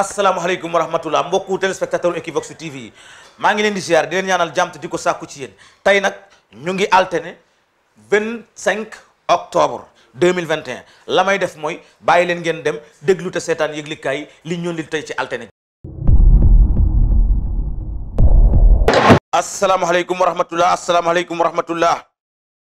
asalaamaaleykum wa rahmatullah mbokku téléspectateur Equivox TV yi maa ngi leen di ziar di leen ñaanal jàmm te di ko sàkku ci yéen tey nag ñu ngi alterné 25 octobre 2021 la may def mooy bàyyi leen ngeen dem déglu te seetaan yëglikaay yi li ñu li tey ci alterné. asalaamaaleykum wa rahmatullah asalaamaaleykum wa rahmatullah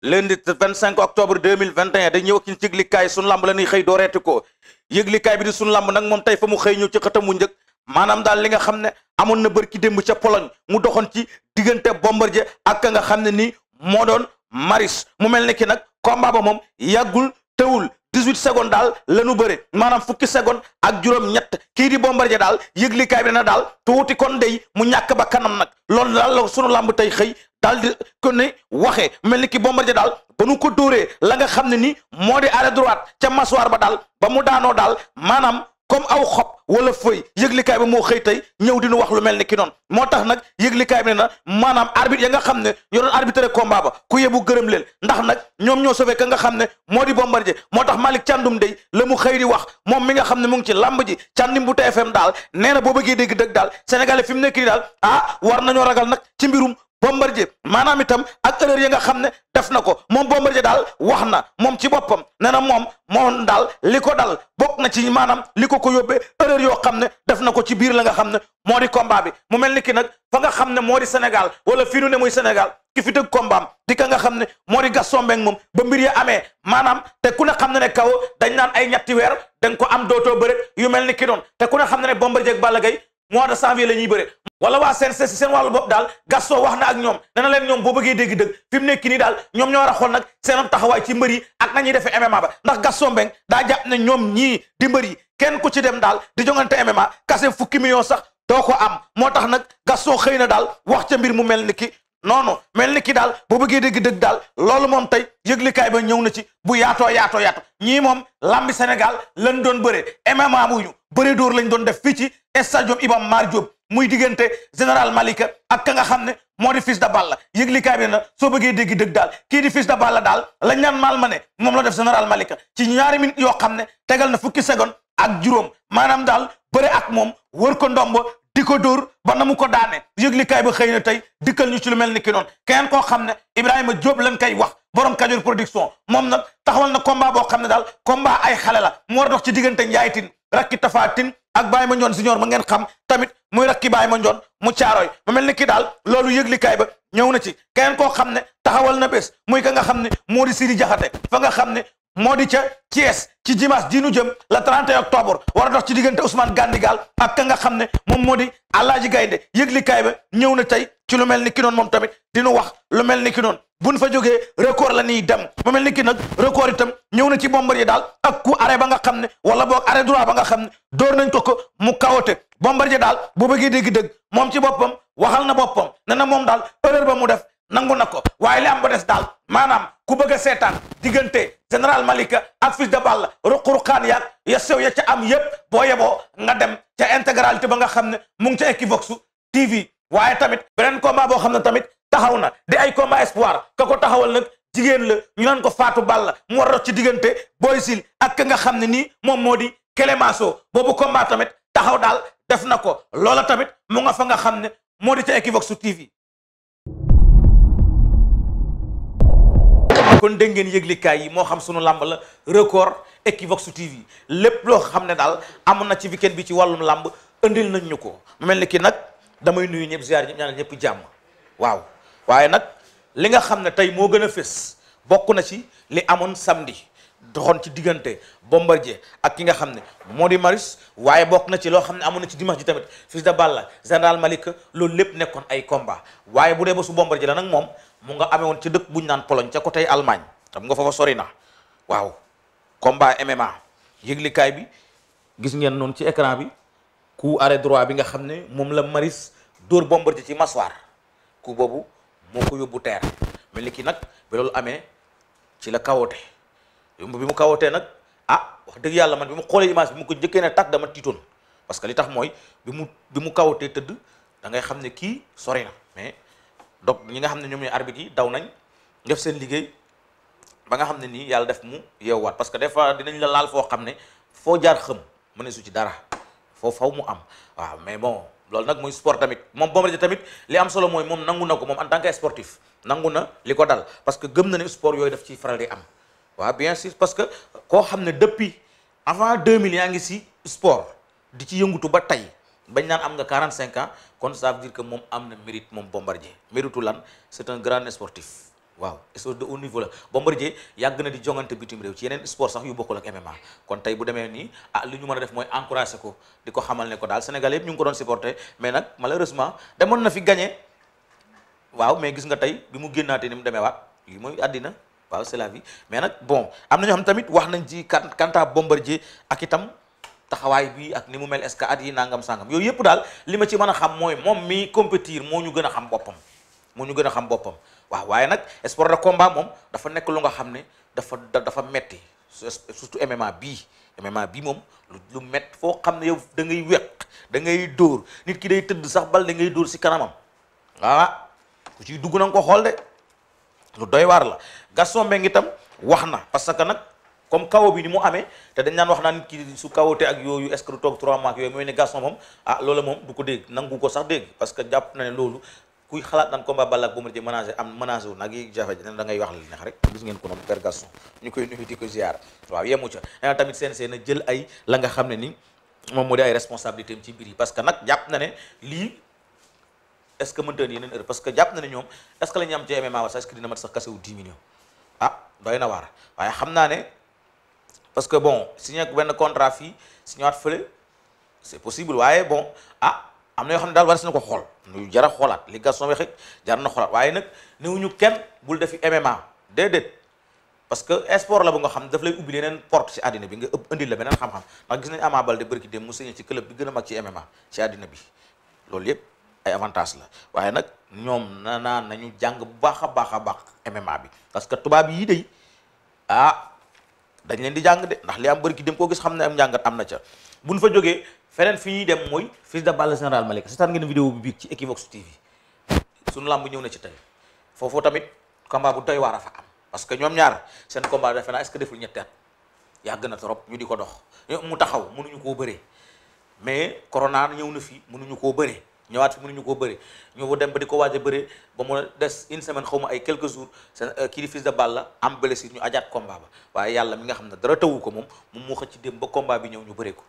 lundi 25 octobre 2021 dañ ñëw ak yëglikaay sunu lamb la ñuy xëy dooreeti ko yëglikaay bi di sunu lamb nag moom tey fa mu xëy ñëw ci xëtam mu njëkk maanaam daal li nga xam ne amoon na bërki démb ca Pologne mu doxoon ci diggante Bombardier ak ka nga xam ne nii moo doon Maris mu mel ne ki nag combat ba moom yàggul tewul 18 secondes daal lañu bëre maanaam fukki seconde ak juróom-ñett kii di Bombardier daal yëglikaay bi na daal tuuti kon dey mu ñàkk ba kanam nag loolu daal la sunu làmb tey xëy daal di ko ne waxee mel ni ki Bombardier daal ba nu ko dóoree la nga xam ne ni moo di arrêt droite ca masoire ba daal ba mu daanoo daal maanaam. comme aw xob wala fëy yëglikaay bi moo xëy tey ñëw di nu wax lu mel ne ki noonu moo tax nag yëglikaay bi ne na maanaam arbitre ya nga xam ne ñoo doon arbitré combat ba ku yebu gërëm leel ndax nag ñoom ñoo sauvé ka nga xam ne moo di bombardier moo tax Malick Thiandoum dey la mu xëy di wax moom mi nga xam ne mu ngi ci làmb ji Thiandoum bu TFM daal nee na boo bëggee dégg dëgg daal sénégalais fi mu nekk daal ah war nañoo ragal nag ci mbirum Bombardier maanaam itam ak erreur yi nga xam ne def na ko moom Bombardier daal wax na moom ci boppam nee na moom moom daal li ko dal bokk na ci maanaam li ko ko yóbbee erreur yoo xam ne def na ko ci biir la nga xam ne moo di combat bi mu mel ni ki nag fa nga xam ne moo di Sénégal wala fii nu ne muy Sénégal ki fi tëgg kombaam di nga xam ne moo di Gaston Mbengue moom ba mbir ya amee maanaam te ku ne xam ne ne kaw dañ naan ay ñetti weer da nga ko am dootoo bëre yu mel ni ki noonu te ku ne xam ne ne Bombardier ak mois de janvier la ñuy bëre wala waa seen seen seen daal Gaston wax na ak ñoom dana leen ñoom boo bëggee dégg dëgg fi mu nekk nii daal ñoom ñoo war a xool nag seenam taxawaay ci mbër yi ak nañuy defee MMA ba ndax Gaston Mbengue daa jàpp ne ñoom ñii di mbëri yi kenn ku ci dem daal di jongante MMA kase fukki million sax doo ko am moo tax nag Gaston xëy na daal wax ca mbir mu mel ni ki non mel ni ki daal boo bëggee dégg dëgg daal lool moom tey yëglikaay ba ñëw na ci bu yaatoo yaatoo yaatoo ñii moom lambi Sénégal lañ doon bëree MMA muñu bëri door lañ doon def fii ci stadium Iba Mar Diop muy diggante général Malika ak ka nga xam ne moo di Fils de Balla yëglikaay bi na soo bëggee dégg dëgg daal kii di Fils de Balla daal la ñaan maal ma ne moom la def général Malika ci ñaari minutes yoo xam ne tegal na fukki seconde ak juróom maanaam daal bëre ak moom wër ko ndombo di ko dóor ba na mu ko daane yëglikaay ba xëy na tey dikkal ñu ci lu mel ni ki noonu keneen koo xam ne Ibrahima Diop lañ koy wax borom Kajoor production moom na taxawal na combat boo xam ne daal combat ay xale la mu ci diggante Njaay Tine ak baay Baye Mandione Junior ma ngeen xam tamit muy rakki Baye Mandione mu caaroy mu mel ni ki daal loolu yëglikaay ba ñëw na ci keneen koo xam ne taxawal na bés muy ka nga xam ne moo di Sidi Jaxate fa nga xam ne moo di ca Thiès ci dimanche ji nu jëm la 31 octobre wara dox ci diggante Ousmane gaal ak ka nga xam ne moom moo di Alaaji Gaynde yëglikaay ba ñëw na tey ci lu mel ni ki noonu moom tamit dinu wax lu mel ni ki noonu buñ fa jógee record la nii dem mu mel ni ki nag record itam ñëw na ci Bombardier daal ak ku arrêt ba nga xam ne wala boog arrêt droit ba nga xam ne door nañ ko ko mu kawote Bombardier daal bu bëggee dégg dëgg moom ci boppam waxal na boppam ne na moom daal erreur ba mu def nangu na ko waaye li am ba des daal maanaam ku bëgg a seetaan diggante général Malika ak fils de balle ruq-ruqaan yaag ya sew ya ca am yépp boo yeboo nga dem ca intégralité ba nga xam ne mu ngi ca Equivox TV waaye tamit beneen combat boo xam ne tamit taxaw na di ay combat espoir ka ko taxawal nag jigéen la ñu naan ko Fatou Balla mu war ci diggante Boy Sil ak ka nga xam ne nii moom moo di Clémenceau boobu combat tamit taxaw daal def na ko loola tamit mu fa nga xam ne moo di ca Equivox TV. kon dégg ngeen yëglikaay yi moo xam sunu làmb la record Equivox lépp loo xam ne daal amoon na ci weekend bi ci wàllum làmb indil nañ ñu ko mu mel ni ki nag damay nuyu ñëpp ziar ñëpp ñaanal ñëpp jàmm waaw. waaye nag li nga xam ne tey moo gën a fés bokk na ci li amoon samdi doxoon ci diggante Bombardier ak ki nga xam ne moo di Marius waaye bokk na ci loo xam ne amoon na ci dimanche ji tamit Fils de ball Balla général Malick loolu lépp nekkoon ay combat waaye bu dee ba su Bombardier la nag moom mu nga amee woon ci dëkk bu ñu naan Pologne ca côté Allemagne nga foofa sori na waaw combat MMA yëglikaay bi gis ngeen noonu ci ecran bi ku arrêt droit bi nga xam ne moom la Marius dóor Bombardier ci maswaar boobu moo ko yóbbu teer mel ni kii nag bi loolu amee ci la kawoote yomb bi mu kawotee nag ah wax dëgg yàlla man bi mu xoolee image bi mu ko njëkkee ne tàkk dama tiitoon parce que li tax mooy bi mu bi mu kawotee tëdd da ngay xam ne kii sori mais donc ñi nga xam ne ñoom ñooy arbitre yi daw nañ def seen liggéey ba nga xam ne nii yàlla def mu yeewaat parce que des fois dinañ la laal foo xam ne foo jaar xëm mëne su ci dara foo faw mu am waaw mais bon loolu nag mooy sport tamit moom Bombardier tamit li am solo mooy moom nangu na ko moom en tant que sportif nangu na li ko dal parce que gëm na ne sport yooyu daf ci faral di am waa bien sûr parce que koo xam ne depuis avant 2000 yaa ngi si sport di ci yëngutu ba tey bañ naan am nga 45 ans kon ça veut dire que moom am na mérite moom Bombardier méritu lan c'est un grand sportif. waaw sport de haut niveau la Bombardier yàgg na di jongante bitim réew ci yeneen sport sax yu bokkul ak MMA kon tey bu demee nii ah li ñu mën a def mooy encouragé ko di ko xamal ne ko daal Sénégal yëpp ñu ngi ko mais nag malheureusement demoon na fi gagné waaw mais gis nga tey bi mu génnaatee ni mu demee waat lii mooy àddina waaw c'est la mais nag bon am na ñoo xam wax nañ ci kanta Bombardier ak itam taxawaay bi ak ni mu mel est-ce que at yi nangam sangam yooyu yëpp daal li ma ci mën a xam mooy moom mi compétir moo ñu gën a xam boppam moo ñu gën a xam boppam waaw waaye nag sport de combat moom dafa nekk lu nga xam ne dafa dafa metti surtout MMA bii MMA bii moom lu mett foo xam ne yow da ngay weq da ngay dóor nit ki day tëdd sax bal da ngay dóor si kanamam ah ku ciy dugg na ko xool de lu doy waar la gason Mbengue itam wax na parce que nag comme kawo bi ni mu amee te dañ naan wax naa nit ki su kawote ak yooyu est-ce que du toog 3 mois yooyu mooy ne Gaston moom ah loolu moom du ko dégg nangu ko sax dégg parce que jàpp na loolu kuy xalaat naan combat Balla ak Bombardier menacé am menacé wu nag yi jafe ne da wax li neex rek gis ngeen ko noonu Père Gaston koy nuyu di ko ziar waaw yemu ca nee tamit CNG na jël ay la nga xam ne ni moom moo di ay responsabilité ci mbir parce que nag jàpp na ne lii est-ce que mënta yeneen heure am ci MMA sax sax kase wu 10 millions ah doy na waar waaye xam naa ne parce que bon signé benn contrat fii signé waat fële c'est possible waaye ah am na yoo xam ne daal war ko xool lu xoolaat li Gaston jar na xoolaat waaye nag néewuñu kenn bul defi MMA déedéet parce que sport la ba nga xam daf lay ubbi leneen port ci àddina bi nga ëpp indi la beneen xam-xam na gis nañ Ama Baldé bërki dem mu signé ci club bi gën a mag ci MMA ci àddina bi loolu yëpp ay avantage la waaye nag ñoom na naan nañu jàng bu baax a baax a baax MMA bi parce que tubaab yii day ah dañ leen di jàng de ndax li am bërki dem koo gis xam ne am njàngat am na ca buñ fa jógee feneen fii ñuy dem mooy fils de Balla général Malika seetaan ngeen vidéo bi biig ci Equivox TV suñu làmb ñëw na ci tey foofu tamit combat bu doy waar a fa am parce que ñoom ñaar seen combat defe naa est-ce que deful na trop ñu di ko dox mu taxaw mënuñu koo bëree mais corona ñëw na fi mënuñu koo bëree ñëwaat fi mënuñu koo bëree dem ba di ko waaj a bëree ba mu des une semaine xaw ay quelques jours seen euh, kii di fils de Balla am blessure ñu ajaat kombaa ba waaye yàlla mi nga xam ne dara tawu ko moom moom moo xëcc ci dem ba combat bi ñëw ñu bëree ko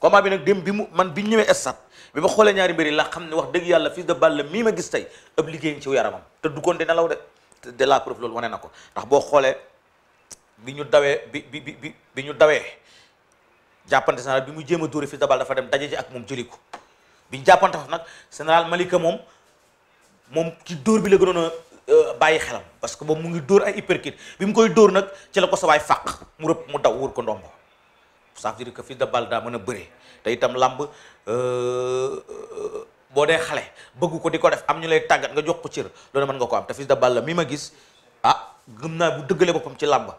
combat bi nag dem bi mu man bi ñëwee stade bi ma xoolee ñaari mbir yi la xam ne wax dëgg yàlla Fils de Balla mii ma gis tey ëpp liggéey ngi ci yaramam te du koon di nelaw de de la preuve loolu wane na ko ndax boo xoolee bi ñu dawee bi bi bi bi ñu dawee jàppante général bi mu jéem a dóore Fils de Balla dafa dem daje ji ak moom jëli ko bi ñu nag général Malika moom moom ci dóor bi la gënoon a euh, bàyyi xelam parce que boobu mu ngi dóor ay uppercut bi mu koy dóor nag ci la ko sa waay fàq mu rëpp mu daw wër ko ndombo ça veut dire que Fils de Balla daa mën a bëre te itam làmb euh, euh, boo dee xale bëgg ko di ko def am ñu lay tàggat nga jox ko cër loolu mën nga ko am te Fils de Balla mi ma gis ah gëm naa bu dëggalee boppam ci làmb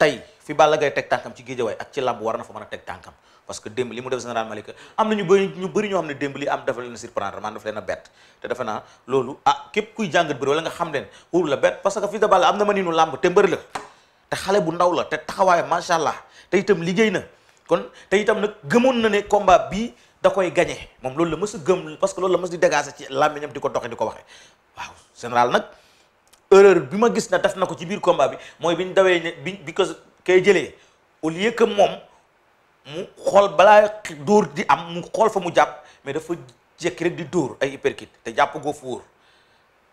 tey fi Balla Gaye teg tànkam ci géejawaay ak ci làmb war na fa mën a teg tànkam parce que démb li mu def général Malika am na ñu bëri ñu bëri ñoo xam ne démb li am dafa leen a surprendre maanaam dafa leen a bett te defe naa loolu ah képp kuy jàngat bëri wala nga xam leen wóorul la bett parce que Fils de Balla am na ma niinu làmb te mbër la te xale bu ndaw te taxawaay macha allah te itam liggéey na kon te itam nag gëmoon na ne combat bii da koy gagné moom loolu la mës a gëm parce que loolu la mës di dégager ci làmmiñam di ko doxe di ko waxe waaw général nag erreur bi ma gis na def na ko ci biir combat bi mooy bi ñu dawee ne bi because kay jëlee au lieu que moom mu xool balaa dóor di am mu xool fa mu jàpp mais dafa jekki rek di dóor ay uppercut te jàpp goo fu wóor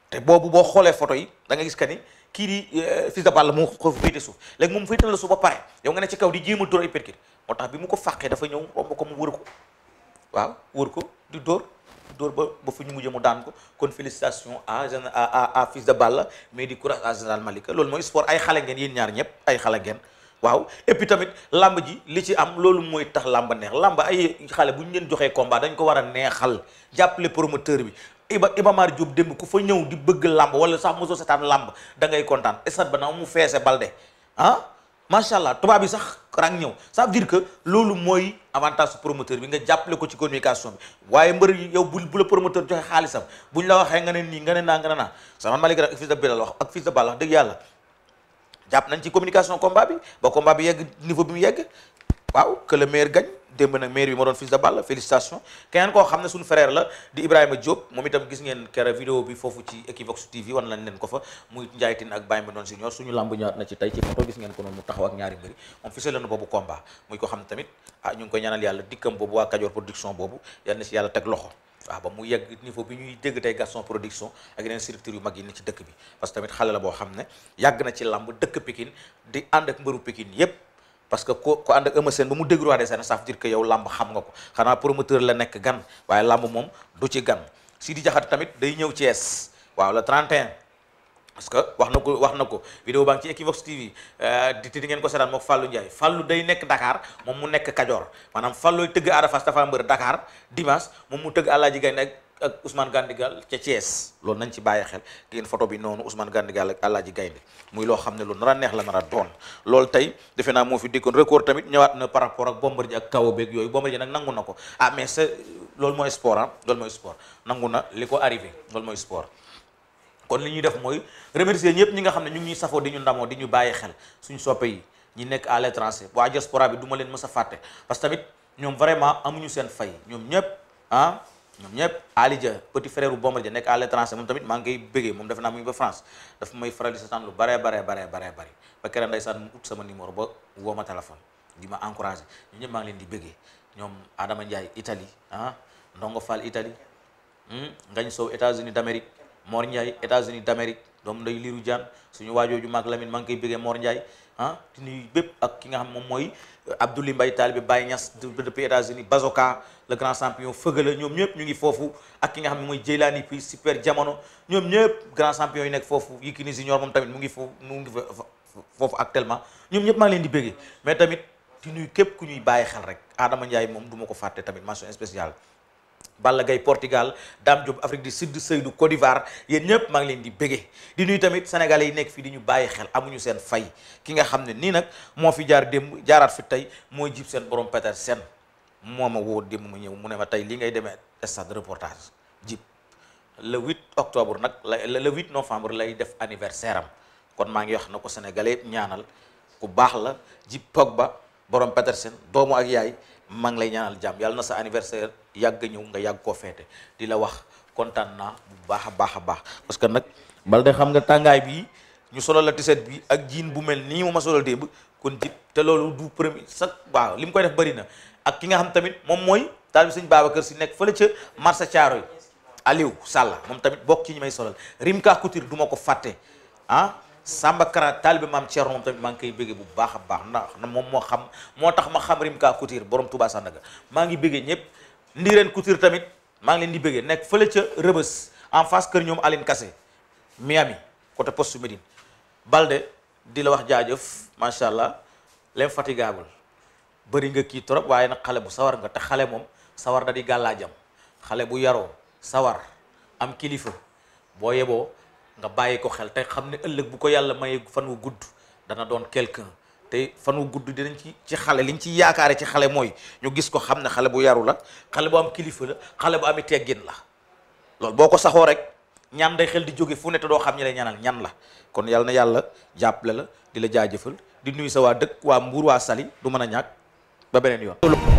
te boobu boo xoolee photo yi da nga gis que ni kii di eh, fils de balle moo ko féete su léegi moom féete na la suuf ba pare yow nga ne ci kaw di jéem a dóor ay moo tax bi mu ko fàqee dafa ñëw romb ko mu wër ko waaw wër ko di dóor dóor ba ba fu ñu mujjee mu daan ko kon félicitation à à à fils de balle mais a courage à général Malika loolu mooy sport ay xale ngeen yéen ñaar ñëpp ay xale ngeen waaw et puis tamit làmb ji li ci am loolu mooy tax làmb neex làmb ay xale bu ñu leen joxee combat dañ ko war a neexal jàppale promoteur bi Iba Iba Mar Diop démb ku fa ñëw di bëgg làmb wala sax mosoo seetaan làmb da ngay kontaan ba na mu feese balde ah macha allah tubaab bi sax rang ñëw sax veut dire loolu mooy avantage su promoteur bi nga jàppale ko ci communication bi waaye mbër yow bu bu la promoteur joxe xaalisam buñ la waxee nga ne nii nga ne naa nga ne naa sama Malick ak fils de Bilal wax ak fils de Bal wax dëgg yàlla jàpp nañ ci communication combat bi ba combat bi yegg niveau bi mu yegg waaw que le meilleur démb nag maire bi moo doon fils de balle félicitation keneen koo xam ne suñu frère la di Ibrahima Diop moom itam gis ngeen kera vidéo bi foofu ci Equivox TV wan lañ leen ko fa muy Ndiaye Tine ak Baye Mbendon Junior suñu lamb ñëwaat na ci tey ci photo gis ngeen ko noonu mu taxaw ak ñaari mbëri moom boobu combat muy ko xam ne tamit ah ñu ngi koy ñaanal yàlla dikkam boobu waa Kajoor production boobu yàlla na si yàlla teg loxo waaw ba mu yegg niveau bi ñuy dégg tey Gaston production ak yeneen structure yu mag yi ne ci dëkk bi parce que tamit xale la boo xam ne yàgg na ci làmb dëkk Pikine di ànd ak mbëru Pikine yépp parce que ko ko ànd ak Eumeu Sène ba mu déglu waa nga ko xanaa promoteur la nekk gan waaye lamb moom du ci gan Sidi Diakhaté tamit day ñëw Thiès waaw le 31. parce que wax na ko wax na ko vidéo baa ngi ci Equivox TV euh, di di ngeen ko seetaan mook fallu Ndiaye Fallou day nekk Dakar moom mu nekk Kajoor maanaam Fallooy tëgg Arafas dafa mbër Dakar dimanche moom mu tëgg Alaaji Gaynde ak Ousmane Gandigal ca Thiès loolu nañ ci bàyyi xel ngeen photo bi noonu usman Gandigal ak Alaaji Gaynde muy loo xam ne lu nar a neex la nar a doon loolu tey defe naa moo fi dikkoon record tamit ñëwaat na par rapport ak Bombardier ak kawo beeg yooyu Bombardier nag ko ah mais sa loolu mooy sport ah loolu mooy sport na li ko arrivé loolu mooy sport kon li ñuy def mooy remercier ñëpp ñi nga xam ne ñu ngi ñuy safoo di ñu ndamoo di ñu bàyyi xel suñ soppe yi ñi nekk à l'étranger waa diaspora bi du leen mës a fàtte parce que tamit ñoom vraiment amuñu seen fay ñoom ñëpp ah ñoom ñëpp Ali Dia petit frère bu Bombardier nekk à l'étranger moom tamit maa ngi koy bëggee moom defe naa mu ngi ba France dafa may faral di seetaan lu baree baree baree baree bëri ba keroog ndeysaan mu ut sama numéro ba woo ma téléphone di ma encouragé ñu ñëpp maa leen di bëggee ñoom aadama Ndiaye Italie ah Ndongo Fall Italie hmm, Ngañ Sow États-Unis d'Amérique Mor Ndiaye États-Unis d'Amérique doom nday Lirou Diane suñu waajooju maag Lamine maa ngi koy bëggee moor Ndiaye ah di nuyu bépp ak ki nga xam moom mooy euh, Abdoulaye Mbaye taalibe Baye Niass depuis États-Unis Bazoka le grand champion fëgala ñoom ñëpp ñu ngi foofu ak ki nga xam ne mooy Jeylaani puis super jamono ñoom ñëpp grand champion yi nekk foofu Yékini Junior moom tamit mu ngi foofu mu ngi foofu actuellement ñoom ñëpp maa leen di bëggee mais tamit di nuyu képp ku ñuy bàyyi xel rek Adama Ndiaye moom du ma ko fàtte tamit mention spéciale Balla Gaye Portugal Dame Diop Afrique du Sud Seydou Côte d'Ivoire yéen ñëpp maa ngi leen di bége di nuyu tamit sénégalais yi nekk fii di ñu bàyyi xel amuñu seen fay ki nga xam ne nii nag moo fi jaar démb jaaraat fi tey mooy jib seen borom Peter seen moom ma woo démb mu ñëw mu ne ma tey li ngay demee stade reportage jib le 8 octobre nag la le 8 novembre lay def anniversaire kon maa ngi wax na ko sénégalais ñaanal ku baax la jib ba borom Peter Sène doomu ak yaay maa ngi lay ñaanal jàmm yàlla na sa anniversaire yàgg ñëw nga yàgg koo feete di la wax kontaan bu baax a baax a baax parce que nag Balde xam nga tàngaay bi ñu solal la tiset bi ak jiin bu mel ni mu ma solal démb kon jib te loolu du premier sax waaw li mu koy def bëri na ak ki nga xam tamit moom mooy taal bi sëñ kër si nekk fële ca marché Thiaroye Aliou Sall moom tamit bokk ci ñi may solal Rimka Couture du ma ko fàtte ah. Samba Kara taalibe maam Thierno moom tamit maa ngi koy bëggee bu baax a baax ndax moom moo xam moo tax ma xam Rimka Couture borom Touba Sandaga maa ngi bëggee ñëpp Ndiren Couture tamit maa ngi leen di bëggee nekk fële ca Rëbës en face kër ñoom Aline Kassé Miami côté poste Médine Balde di la wax jaajëf macha allah l'infatigable bëri nga kii trop waaye nag xale bu sawar nga te xale moom sawar da di gàllaajam xale bu yaroo sawar am kilifa boo nga bàyyi ko xel te xam ne ëllëg bu ko yàlla may fan wu gudd dana doon quelqu'un te fan wu gudd dinañ ci ci xale liñ ci yaakaare ci xale mooy ñu gis ko xam ne xale bu yaru la xale bu am kilifa la xale bu ami teggin la loolu boo ko saxoo rek ñaan day xel di jóge fu ne te doo xam ñi lay ñaanal ñan la kon yàlla na yàlla jàppale la di la jaajëfal di nuyu sa waa dëkk waa Mbuur waa Sali du mën a ñàkk ba beneen yoon